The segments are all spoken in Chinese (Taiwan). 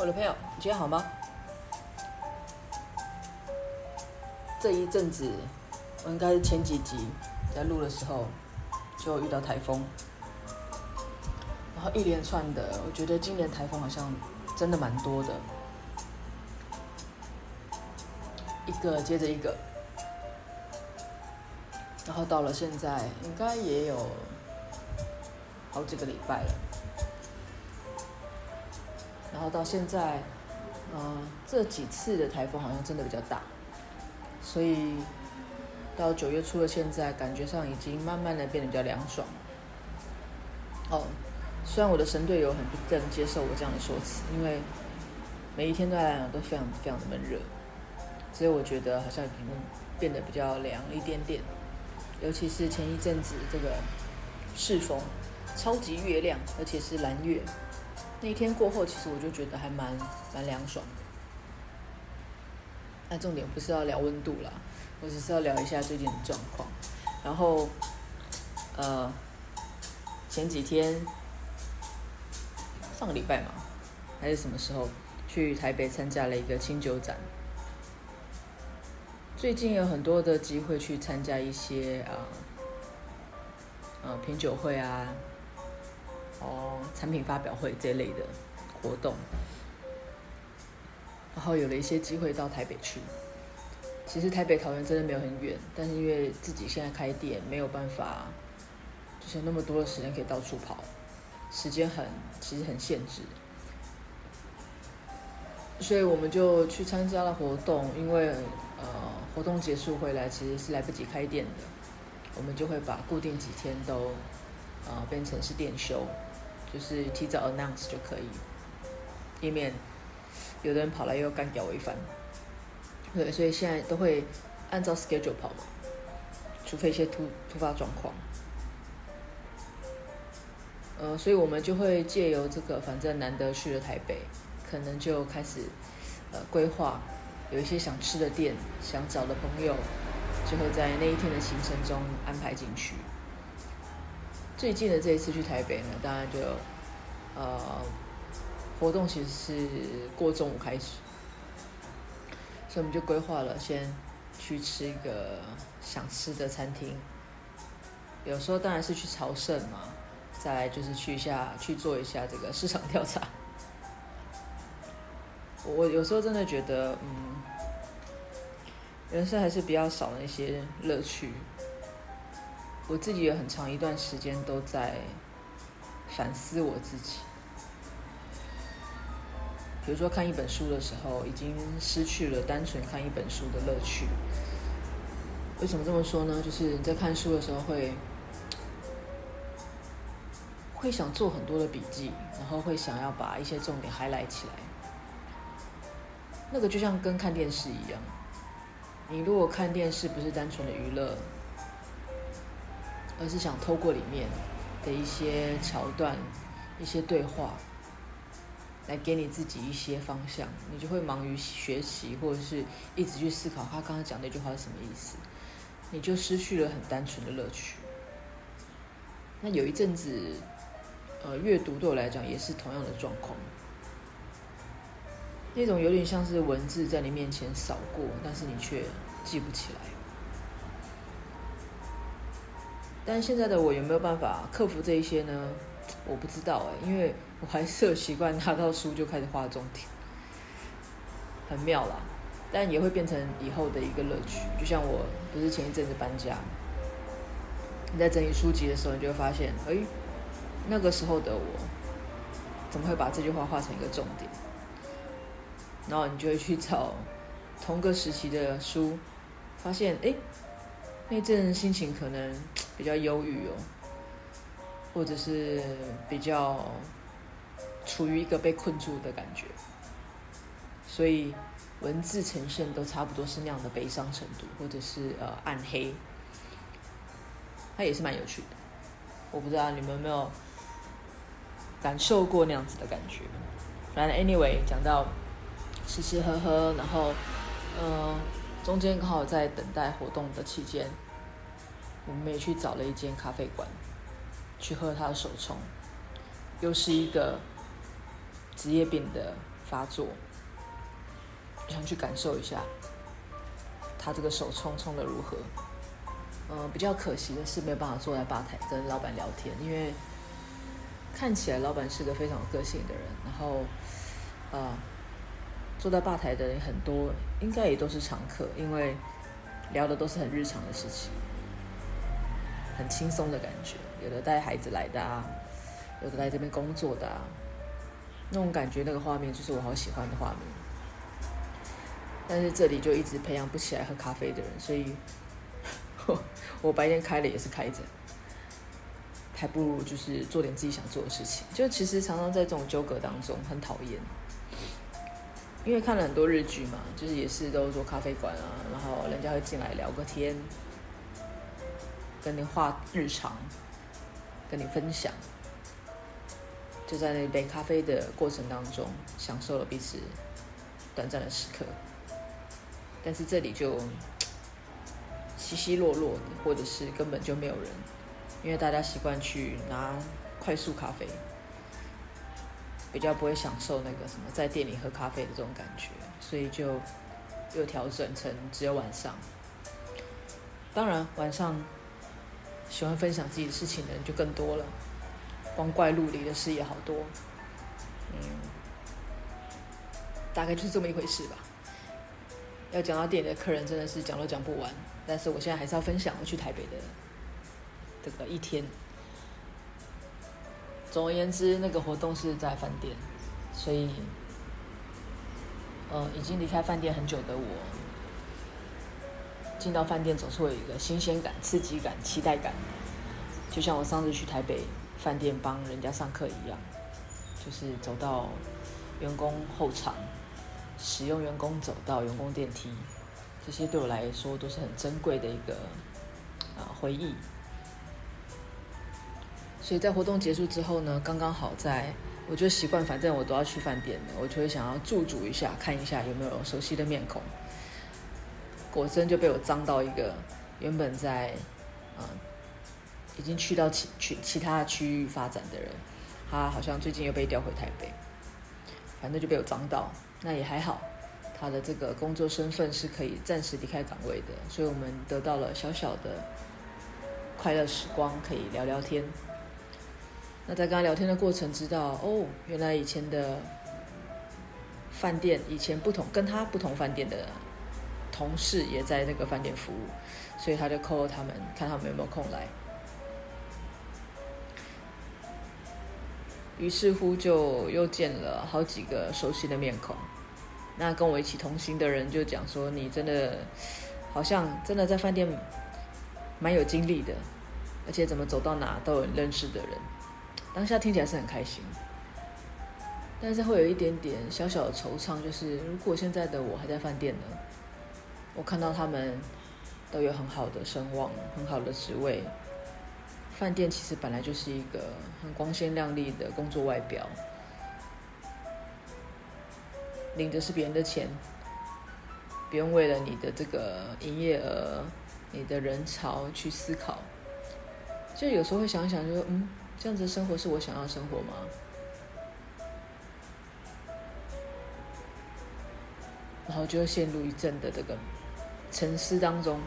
我的朋友，你今天好嗎？這一陣子，我應該是前幾集在錄的時候就遇到台風，然後一連串的，我覺得今年台風好像真的蠻多的，一個接着一個，然後到了現在應該也有好幾個禮拜了。然後到現在，呃，這幾次的台風好像真的比較大，所以到九月初的現在感覺上已經慢慢的變得比較涼爽。哦，雖然我的神隊友很不能接受我這樣的說辭，因為每一天都來了都非常非常的悶熱，所以我覺得好像已經變得比較涼一點點。尤其是前一陣子這個適逢超級月亮，而且是藍月。那一天過後，其實我就覺得還蠻蠻涼爽的。那重點不是要聊溫度啦，我只是要聊一下最近的狀況。然後，呃，前幾天，上個禮拜嘛，還是什麼時候，去台北參加了一個清酒展。最近有很多的機會去參加一些啊，呃，呃，品酒會啊。哦，產品發表會這一類的活動，然後有了一些機會到台北去。其實台北桃園真的沒有很遠，但是因為自己現在開店沒有辦法，就是那麼多的時間可以到處跑，時間很其實很限制。所以我們就去參加了活動，因為呃活動結束回來其實是來不及開店的，我們就會把固定幾天都呃變成是店休。就是提早 announce 就可以，以免有的人跑來又幹掉我一番。對，所以現在都會按照 schedule 跑嘛，除非一些突突發狀況。呃，所以我們就會借由這個，反正難得去了台北，可能就開始呃規劃，有一些想吃的店、想找的朋友，就會在那一天的行程中安排進去。最近的這一次去台北呢，當然就，呃，活動其實是過中午開始，所以我們就規劃了先去吃一個想吃的餐廳。有時候當然是去朝聖嘛，再來就是去一下去做一下這個市場調查。我有時候真的覺得，嗯，人生還是比較少的一些樂趣。我自己也很長一段時間都在反思我自己。比如說看一本書的時候，已經失去了單純看一本書的樂趣。為什麼這麼說呢？就是你在看書的時候會會想做很多的筆記，然後會想要把一些重點 highlight 起來。那個就像跟看電視一樣，你如果看電視不是單純的娛樂。而是想透過裡面的一些橋段、一些對話，來給你自己一些方向，你就會忙於學習，或者是一直去思考他剛剛講那句話是什麼意思，你就失去了很單純的樂趣。那有一陣子，呃，閱讀對我來講也是同樣的狀況，那種有點像是文字在你面前掃過，但是你卻記不起來。但現在的我有沒有辦法克服這一些呢？我不知道哎、欸，因為我還是習慣拿到書就開始畫重點，很妙啦。但也會變成以後的一個樂趣。就像我不是前一陣子搬家，你在整理書籍的時候，你就會發現，哎、欸，那個時候的我怎麼會把這句話畫成一個重點？然後你就會去找同個時期的書，發現，哎、欸。那陣心情可能比較憂鬱哦，或者是比較處於一個被困住的感覺，所以文字呈現都差不多是那樣的悲傷程度，或者是呃暗黑。它也是蠻有趣的。我不知道你們有沒有感受過那樣子的感覺。反正 anyway，講到吃吃喝喝，然後嗯。呃中間剛好在等待活動的期間，我們也去找了一間咖啡館，去喝他的手沖，又是一個職業病的發作，我想去感受一下他這個手沖沖的如何。嗯，比較可惜的是沒有辦法坐在吧台跟老闆聊天，因為看起來老闆是個非常有個性的人，然後啊。嗯坐在吧台的人很多，應該也都是常客，因為聊的都是很日常的事情，很輕鬆的感覺。有的帶孩子來的啊，有的在這邊工作的啊，那種感覺、那個畫面，就是我好喜歡的畫面。但是這裡就一直培養不起來喝咖啡的人，所以我白天開了也是開着，還不如就是做點自己想做的事情。就其實常常在這種糾葛當中，很討厭。因為看了很多日劇嘛，就是也是都做咖啡館啊，然後人家會進來聊個天，跟你話日常，跟你分享，就在那杯咖啡的過程當中，享受了彼此短暫的時刻。但是這裡就稀稀落落的，或者是根本就沒有人，因為大家習慣去拿快速咖啡。比較不會享受那個什麼在店裡喝咖啡的這種感覺，所以就又調整成只有晚上。當然晚上喜歡分享自己的事情的人就更多了，光怪陸離的事也好多。嗯，大概就是這麼一回事吧。要講到店裡的客人真的是講都講不完，但是我現在還是要分享我去台北的這個一天。總而言之，那個活動是在飯店，所以，呃，已經離開飯店很久的我，進到飯店總是會有一個新鮮感、刺激感、期待感。就像我上次去台北飯店幫人家上課一樣，就是走到員工後場，使用員工，走到員工電梯，這些對我來說都是很珍貴的一個啊、呃、回憶。所以在活動結束之後呢，剛剛好在我就習慣，反正我都要去飯店的，我就會想要駐足一下，看一下有沒有熟悉的面孔。果真就被我撞到一個原本在，嗯，已經去到其去其，其他區域發展的人，他好像最近又被調回台北。反正就被我撞到，那也還好，他的這個工作身份是可以暫時離開崗位的，所以我們得到了小小的快樂時光，可以聊聊天。那在跟他聊天的過程，知道哦，原來以前的飯店，以前不同跟他不同飯店的同事也在那個飯店服務，所以他就 call 他們，看他們有沒有空來。於是乎，就又見了好幾個熟悉的面孔。那跟我一起同行的人就講說：“你真的好像真的在飯店蠻有經歷的，而且怎麼走到哪都有認識的人。”當下聽起來是很開心，但是會有一點點小小的惆悵，就是如果現在的我還在飯店呢，我看到他們都有很好的聲望、很好的職位。飯店其實本來就是一個很光鮮亮麗的工作外表，領的是別人的錢，不用為了你的這個營業額、你的人潮去思考，就有時候會想一想就，就嗯。這樣子的生活是我想要的生活嗎？然後就會陷入一陣的這個沉思當中。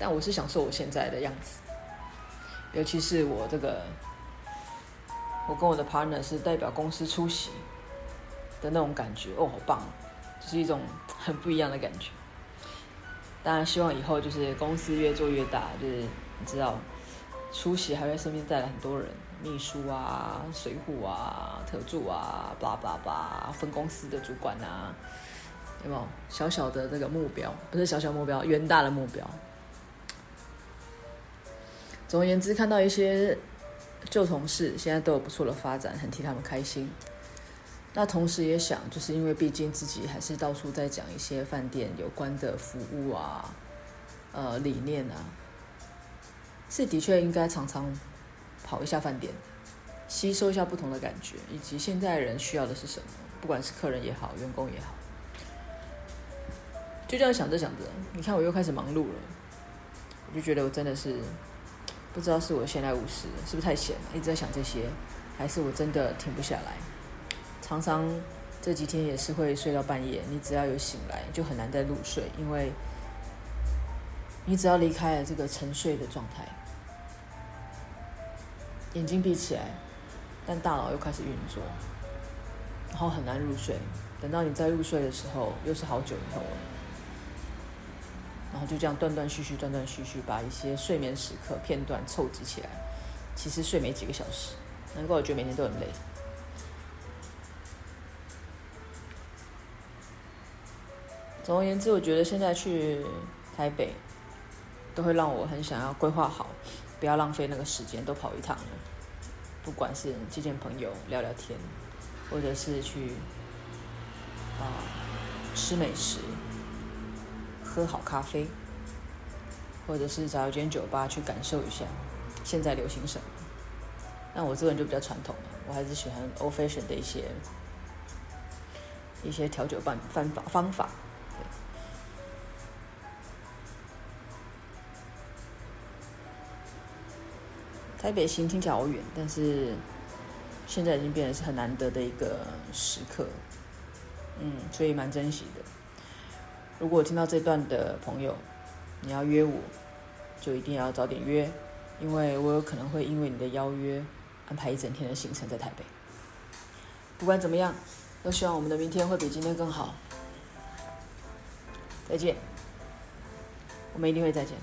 但我是享受我現在的樣子，尤其是我這個我跟我的 partner 是代表公司出席的那種感覺哦，好棒，就是一種很不一樣的感覺。當然，希望以後就是公司越做越大，就是你知道。出席還會身邊帶了很多人，秘書啊、隨扈啊、特助啊，巴巴巴、分公司的主管啊，有沒有小小的這個目標？不是小小目標，遠大的目標。總而言之，看到一些舊同事現在都有不錯的發展，很替他們開心。那同時也想，就是因為畢竟自己還是到處在講一些飯店有關的服務啊，呃，理念啊。是的確應該常常跑一下飯店，吸收一下不同的感覺，以及現在人需要的是什麼，不管是客人也好，員工也好。就這樣想着想着，你看我又開始忙碌了。我就覺得我真的是不知道是我閒來無事，是不是太閒了，一直在想這些，還是我真的停不下來。常常這幾天也是會睡到半夜，你只要有醒來，就很難再入睡，因為你只要離開了這個沉睡的狀態。眼睛閉起來，但大腦又開始運作，然後很難入睡。等到你再入睡的時候，又是好久以後了。然後就這樣斷斷續續、斷斷續續，把一些睡眠時刻片段湊集起來，其實睡沒幾個小時。難怪我覺得每天都很累。總而言之，我覺得現在去台北，都會讓我很想要規劃好。不要浪費那個時間，都跑一趟了。不管是見見朋友聊聊天，或者是去啊、呃、吃美食、喝好咖啡，或者是找一間酒吧去感受一下現在流行什麼。那我這個人就比較傳統了，我還是喜歡 Old Fashioned 的一些一些調酒辦方法方法。方法台北行聽起來好遠，但是現在已經變得是很難得的一個時刻，嗯，所以蠻珍惜的。如果聽到這段的朋友，你要約我，就一定要早點約，因為我有可能會因為你的邀約，安排一整天的行程在台北。不管怎麼樣，都希望我們的明天會比今天更好。再見，我們一定會再見。